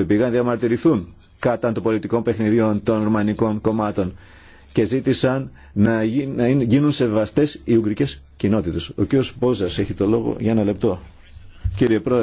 που πήγαν να διαμαρτυρηθούν κατά των πολιτικών παιχνιδιών των ρουμανικών κομμάτων και ζήτησαν να, γίνουν σεβαστές οι ουγγρικές κοινότητες. Ο κ. Πόζας έχει το λόγο για ένα λεπτό. Κύριε Πρόεδρε.